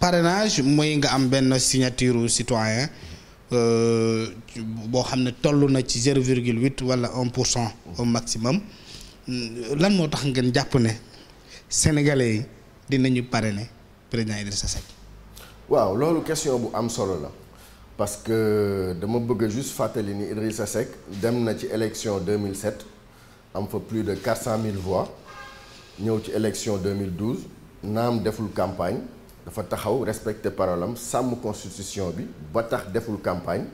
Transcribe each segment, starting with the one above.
parenage mooy nga am benn signature citoyen euh, boo xam ne toll na ci zéro virgule huit wala un pour cent au maximum lan moo tax ngeen jàpp ne sénégalais yi dinañu parrainer président Idrissa Seck. waaw loolu question bu am solo la. parce que dama bëgg a fàttali ni Idrissa Seck dem na ci élection 2007 am fa plus de 400 000 voix ñëw ci élection 2012 naam deful campagne dafa taxaw respecter parole am sàmm constitution bi ba tax deful campagne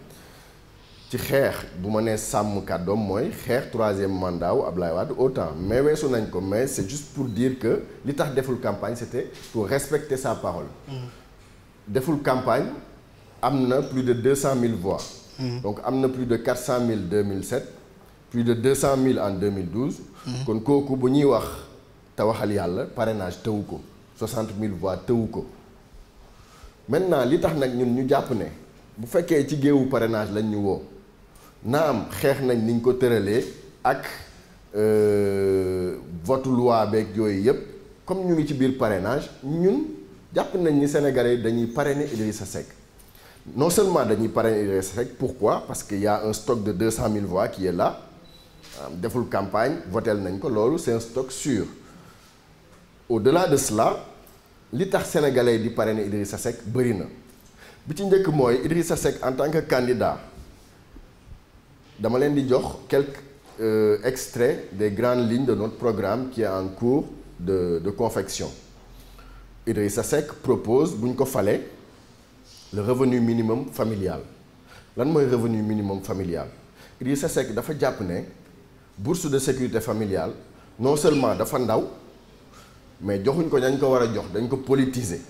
ci xeex bu ma nee sàmm doom mooy xeex troisième mandat ab Ablaye Wade autant mais weesu nañ ko mais c'est juste pour dire que li tax deful campagne c'était pour respecter sa parole. Mm. deful campagne. am na plus de deux cent mille voix. Mmh. donc am na plus de quatre cent mille deux mille sept plus de deux cent mille en deux mille hmm. kon kooku bu ñuy wax te waxal yàlla parrainage tëwu ko soixante mille voix tëwu ko maintenant li tax nag ñun ñu jàpp ne bu fekkee ci géewu parrainage lañ ñu woo na am xeex nañ niñ ko tëralee ak euh, vote loi beeg yooyu yëpp comme ñu ngi ci biir parenage ñun jàpp nañ ni Sénégalais dañuy pare parrainer sa Seck non seulement dañuy parrainer Idrissa Seck pourquoi parce que y a un stock de deux cent mille voix qui est là euh, deful campagne voteel nañ ko loolu c'est un stock sûr au-delà de cela li tax sénégalais di parrainer sa Seck bëri na bi ci njëkk mooy Idrissa Seck en tant que candidat dama leen di jox quelque euh, extraits des grandes lignes de notre programme qui en cours de de confection Idrissa Seck propose bu ñu ko falee le revenu minimum familial lan mooy revenu minimum familial Idrissa Seck dafa jàpp ne bourse de sécurité familiale non seulement dafa ndaw mais joxuñ ko dañ ko war a jox dañ ko politiser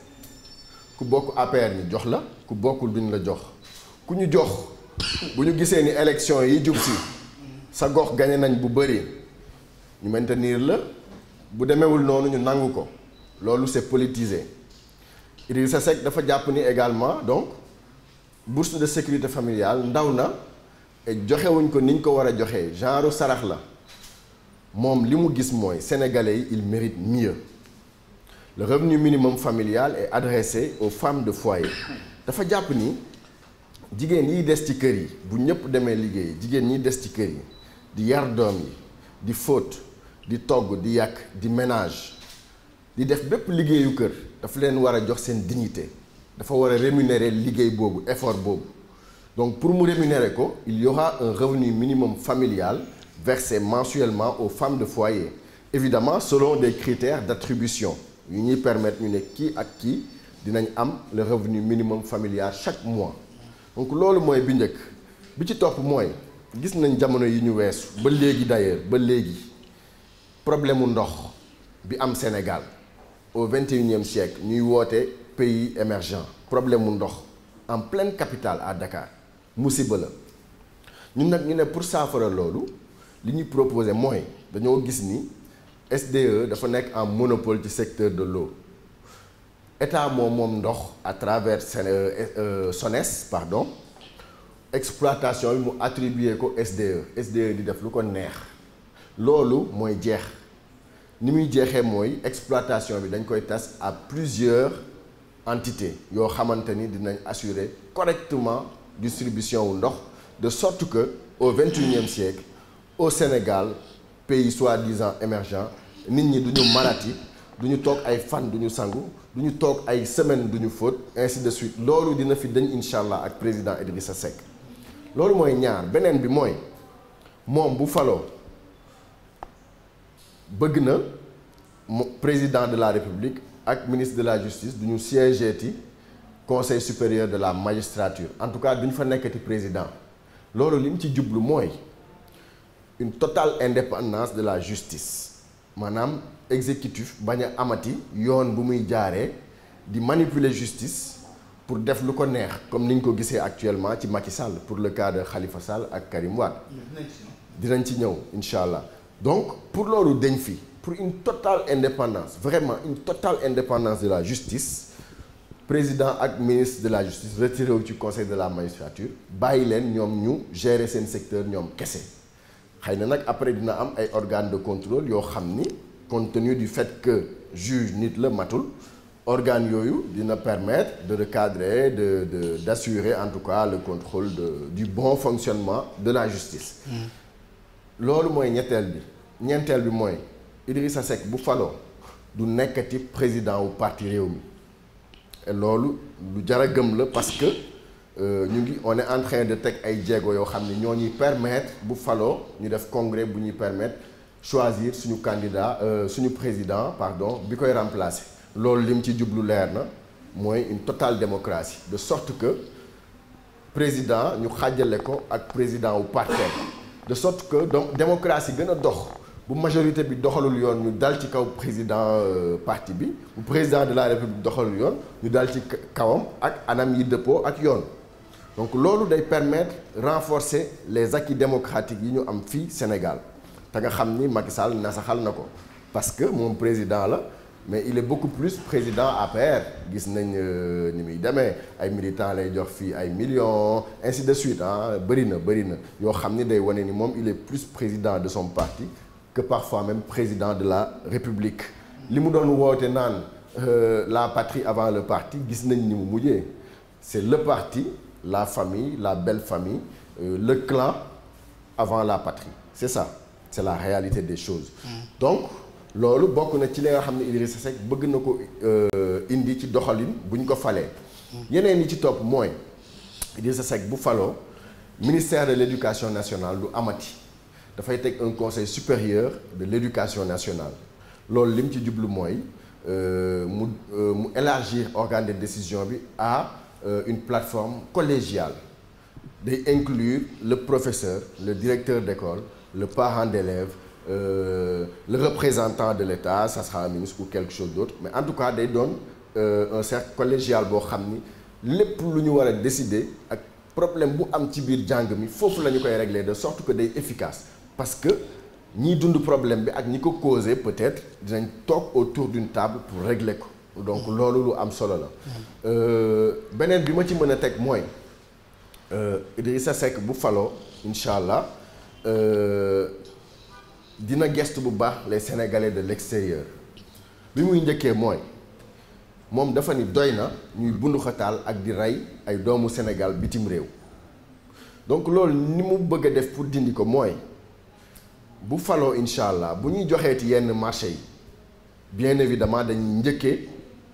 ku bokk APR ñu jox la ku bokkul duñ la jox ku ñu jox bu ñu gisee ni élection yi jub si sa gox gañe nañ bu bëri ñu maintenir la bu demewul noonu ñu nangu ko loolu c'est politiser Idrissa Seck dafa jàpp ni également donc bourse de sécurité familiale ndaw na joxewuñ ko niñ ko war a joxee genre sarax la moom li mu gis mooy sénégalais yi il mérite mieux le revenu minimum familial est adressé aux femmes de foyer dafa jàpp ni jigéen yiy des ci kër yi bu ñëpp demee liggéey jigéen ñi des ci kër yi di yar doom yi di fóot di togg di yàq di ménage di def bépp liggéeyu kër dafa leen war a jox seen dignité dafa war a rémunérer liggéey boobu effort boobu donc pour mu rémunérer ko il y aura un revenu minimum familial versé mensuellement aux femmes de foyer évidement selon des critères d'attribution yu ñuy permettre ñu ne kii ak kii dinañ am le revenu minimum familial chaque mois donc loolu mooy bi njëkk bi ci topp mooy gis nañ jamono yi ñu weesu ba léegi d'ailleurs ba léegi problème mu ndox bi am Sénégal au vingt et unième siècle ñuy woote pays émergent problème mu ndox en pleine capital à Dakar musiba la ñun nag ñu ne pour saafara loolu li ñuy proposé mooy dañoo gis ni SDE dafa nekk en monopole ci secteur de l'eau état moom moom ndox à travers euh, euh, SONES pardon exploitation bi mu attribué ko SDE SDE di def lu ko neex loolu mooy jeex ni muy jeexee mooy exploitation bi dañ koy tas à plusieurs entités yoo xamante ni dinañ assurer correctement distribution wu ndox de sorte que au vingt-et-unième siècle au Sénégal pays soi-disant émergent nit ñi duñu ñu malati du ñu toog ay fan du ñu sangu du ñu toog ay semaine du ñu fóot ainsi de suite loolu dina fi dañ incha allah ak président Idrissa Seck loolu mooy ñaar beneen bi mooy moom bu faloo bëgg na président de la république ak ministre de la justice du ñu siégeeti conseil supérieur de la magistrature en tout cas du ñu fa nekkati président loolu li mu ci jublu mooy une totale indépendance de la justice maanaam exécutif bañ amati yoon bu muy jaaree di manipuler justice pour def lu ko neex comme ni ñu ko gisee actuellement ci Macky Sall pour le cas de Khalifa Sall ak Karim Wade dinañ ci ñëw incha allah donc pour loolu deñ fi pour une totale indépendance vraiment une totale indépendance de la justice président ak ministre de la justice retiré wu ci conseil de la magistrature bàyyi leen ñoom ñu gérer seen secteur ñoom kese xëy na nag après dina am ay organes de contrôle yoo xam ni compte tenu du fait que juge nit la matul organes yooyu dina permettre de recadrer de de d'assurer en tout cas le contrôle de du bon fonctionnement de la justice. Mmh. loolu mooy ñetteel bi ñeenteel bi mooy Idrissa Seck bu faloo du nekkati président wu parti réew mi loolu lu jar a gëm la parce que euh, ñu ngi one est de teg ay jéego yoo xam ne ñoo ñuy permettre bu faloo ñu def congrès bu ñuy permettre choisir suñu candidat euh, suñu président pardon bi koy remplacer. loolu lim ci jublu leer na mooy une totale démocratie de sorte que président ñu xàjjale ko ak président wu parti de sorte que donc démocratie gën a dox bu majorité bi doxalul yoon ñu dal ci kaw président euh, parti bi bu président de la république doxalul yoon ñu dal ci kawam ak anam yi dëppoo ak yoon donc loolu day permettre renforcer les acquis démocratiques yi ñu am fii Sénégal te nga xam ni Macky Sall nasaxal na ko parce que moom président la mais il est beaucoup plus président APR gis nañ euh, ni muy demee ay militants lay jox fii ay millions ainsi de suite ah bëri na bëri na yoo xam ni day wane ni moom il est plus président de son parti que parfois même président de la République li mu doon woote naan euh, la patrie avant le parti gis nañ ni mu mujjee c'est le parti la famille la belle famille euh, le clan avant la patrie c'est ça c'est la réalité des choses mmh. donc loolu bokk na ci li nga xam ne Idrissa Seck bëgg na ko euh, indi ci doxalin buñ ko falee. yeneen yi ci topp mooy Idrissa Seck bu faloo ministère de l' éducation nationale du amati dafay teg un conseil supérieur de l' éducation nationale loolu lim ci jublu mooy euh, mu euh, mu élargir organe de décision bi à une plateforme collégiale day inclure le professeur le directeur décole école le parent d' euh, le représentant de l'État ça sera un ministre ou quelque chose d'autre mais en tout cas day doon euh, un cercle collégial boo xam ni lépp lu ñu war a décider ak problème bu am ci biir jàng mi foofu la ñu koy régler de sorte que day efficace parce que ñiy dund problème bi ak ñi ko causé peut-être dinañ toog autour d'une table pour régler ko donc loolu lu am solo la euh, beneen bi ma ci mën a teg mooy euh, Idrissa Seck bu falo incha allah dina gestu bu baax les sénégalais de l'extérieur bi muy njëkkee mooy moom dafa ne doy na ñuy bunduxataal ak di rey ay doomu Sénégal bitim réew donc loolu ni mu bëgg a def pour dindi ko mooy bu faloo incha allah bu ñuy joxee ci yenn marché yi bien dama dañuy njëkke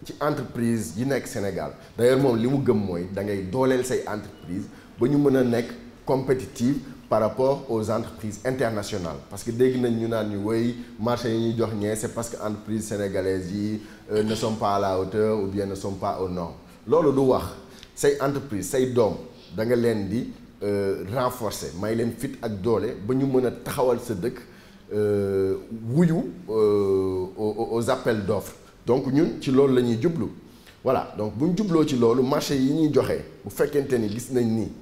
ci entreprise yi nekk Sénégal d'ailleurs moom li mu gëm mooy da ngay dooleel say entreprise ba ñu mën a nekk compétitive par rapport aux entreprises internationales parce que dégg nañ ñu naan ñu woy marché yi ñuy jox ñee c'est parce que entreprises sénégalaises yi euh, ne sont pas à la hauteur ou bien ne sont pas aux normes loolu du wax say entreprise say doom da nga leen di euh, renforcer may leen fit ak doole ba ñu mën a taxawal sa dëkk euh, wuyu aux appels d'offres donc ñun ci loolu la ñuy jublu voilà donc bu jubloo ci loolu marché yi ñuy joxe bu fekkente ni gis nañ ni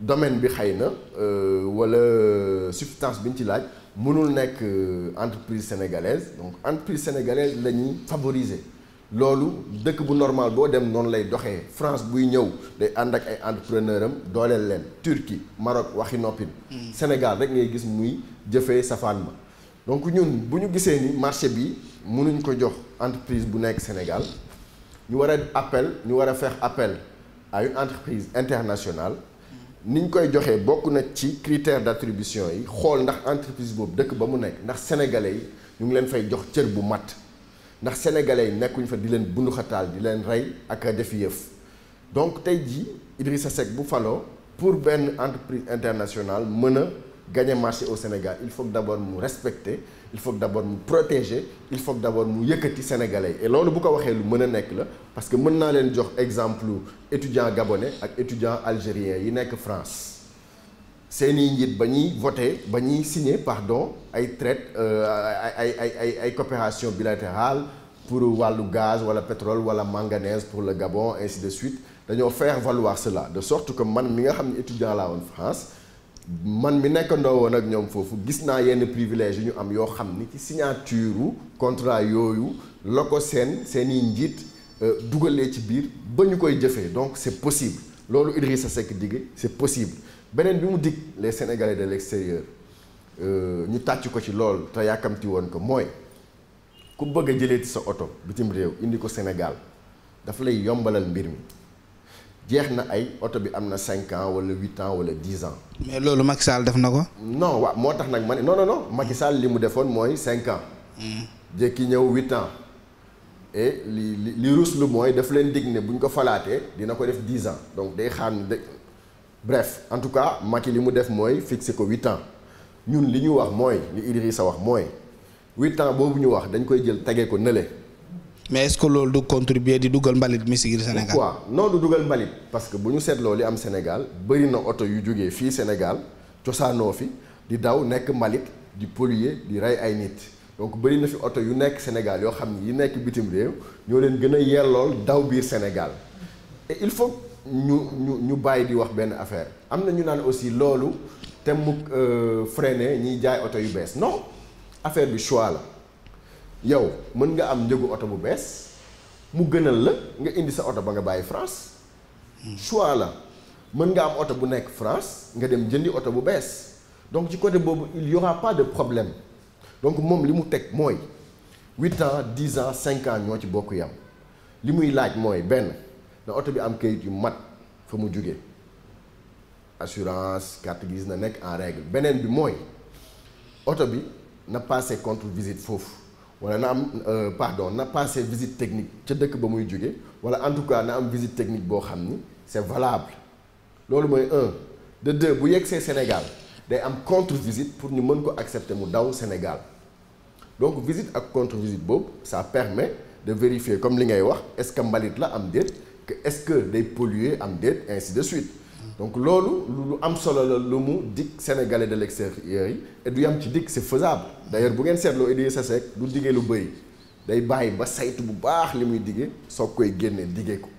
domaine bi xëy na euh, wala euh, substance bi ñu ci laaj mënul nekk euh, entreprise sénégalaise donc entreprise sénégalaise lañuy ñuy favoriser loolu dëkk bu normal boo dem noonu lay doxee France buy ñëw day ànd ak ay entrepreneur am dooleel leen Turquie Maroc waxi noppi hmm. Sénégal rek ngay gis muy jëfee safaan ma donc ñun bu ñu gisee ni marché bi mënuñ ko jox entreprise bu nekk Sénégal ñu war a appel ñu war a faire appel ay une entreprise internationale ni ñu koy joxee bokk na ci critère d'attribution yi xool ndax entreprise boobu dëkk ba mu nekk ndax sénégalais yi ñu ngi leen fay jox cër bu matt ndax sénégalais yi nekkuñ fa di leen bunduxataal di leen rey ak a def yëf donc tey jii Idrissa Seck bu falo pour benn entreprise internationale mën a gagner marché au Sénégal il faut que d'abord mu respecter il faut que d'abord mu protéger il faut d'abord mu yëkkati sénégalais et loolu bu ko waxee lu mën a nekk la parce que mën naa leen jox exemple étudiant gabonais ak étudiant algérien yi nekk France seeni njiit ba ñuy voté ba ñuy signé pardon ay traite euh, ay ay ay ay coopération bilatérale pour wàllu gaz wala pétrole wala manganèse pour le Gabon ainsi de suite dañoo faire valoir cela de sorte que man mi nga xam ne étudiant laa woon man mi nekkandoo woon ak ñoom foofu gis naa yenn privilège yu ñu am yoo xam ni ci signature contrat yooyu la ko seen seeni i njiit euh, dugalee ci biir ba ñu koy jëfee donc c'est possible loolu sa Seck digg c'est possible beneen bi mu dig les Sénégalais de l'extérieur euh, ñu tàcc ko ci lool te yàkkamti woon ko mooy ku bëgg a jëlee ci sa oto bitim réew indi ko Sénégal dafa lay yombalal mbir mi. jeex na ay oto bi am na cinq ans wala huit ans wala dix ans. mais loolu Macky Sall def na ko. non waaw moo tax nag ma ne non non non Macky Sall li mu defoon mooy cinq ans. Hmm. jékki ñëw huit ans. et li li li mooy daf leen dig ne bu ñu ko falaatee dina ko def dix ans donc day xaar de bref en tout cas Macky li mu def mooy fixé ko huit ans ñun li ñu wax mooy li sa wax mooy huit ans boobu ñu wax dañ koy jël tege ko nële. mais est loolu du contribuer di dugal mbalit mi si biir Sénégal. pourquoi non du dugal mbalit parce que bu ñu seetloo li am Sénégal bëri na oto yu jógee fii Sénégal cosaanoo fi di daw nekk mbalit di polluer di rey ay nit donc bëri na fi oto yu nekk Sénégal yoo xam ne yi nekk bitim réew ñoo leen gën a yellool daw biir Sénégal il faut ñu ñu ñu bàyyi di wax benn affaire am na ñu naan aussi loolu te mu euh, freiné ñiy jaay oto yu bees non affaire bi choix la. yow mën nga am njëgu oto bu bees mu gënal la nga indi sa oto ba nga bàyyi France choix la mën nga am oto bu nekk France nga dem jëndi oto bu bees donc ci côté boobu il y aura pas de problème donc moom li mu teg mooy huit ans dix ans cinq ans ñoo ci bokk yam li muy laaj mooy benn na oto bi am kayit yu mat fa mu jóge assurance carte grise na nekk en règle beneen bi mooy oto bi na passé contre visite foofu wala na am euh, pardon na passé visite technique ca dëkk ba muy jóge wala en tout cas na am visite technique boo xam ni c'est valable loolu mooy un de deux bu yegsee Sénégal day am contre visite pour ñu mën ko accepter mu daw Sénégal donc visite ak contre visite boobu ça permet de vérifier comme li ngay wax est-ce que mbalit la am déet que est-ce que day polluer am déet ainsi de suite donc loolu lu am solo la lu mu dig sénégalais de l'extérieur yi et du yam ci dig c'est faisable bu ngeen seetloo sa Seck du diggee lu bëy day bàyyi ba saytu bu baax li muy diggee soo koy génnee diggee ko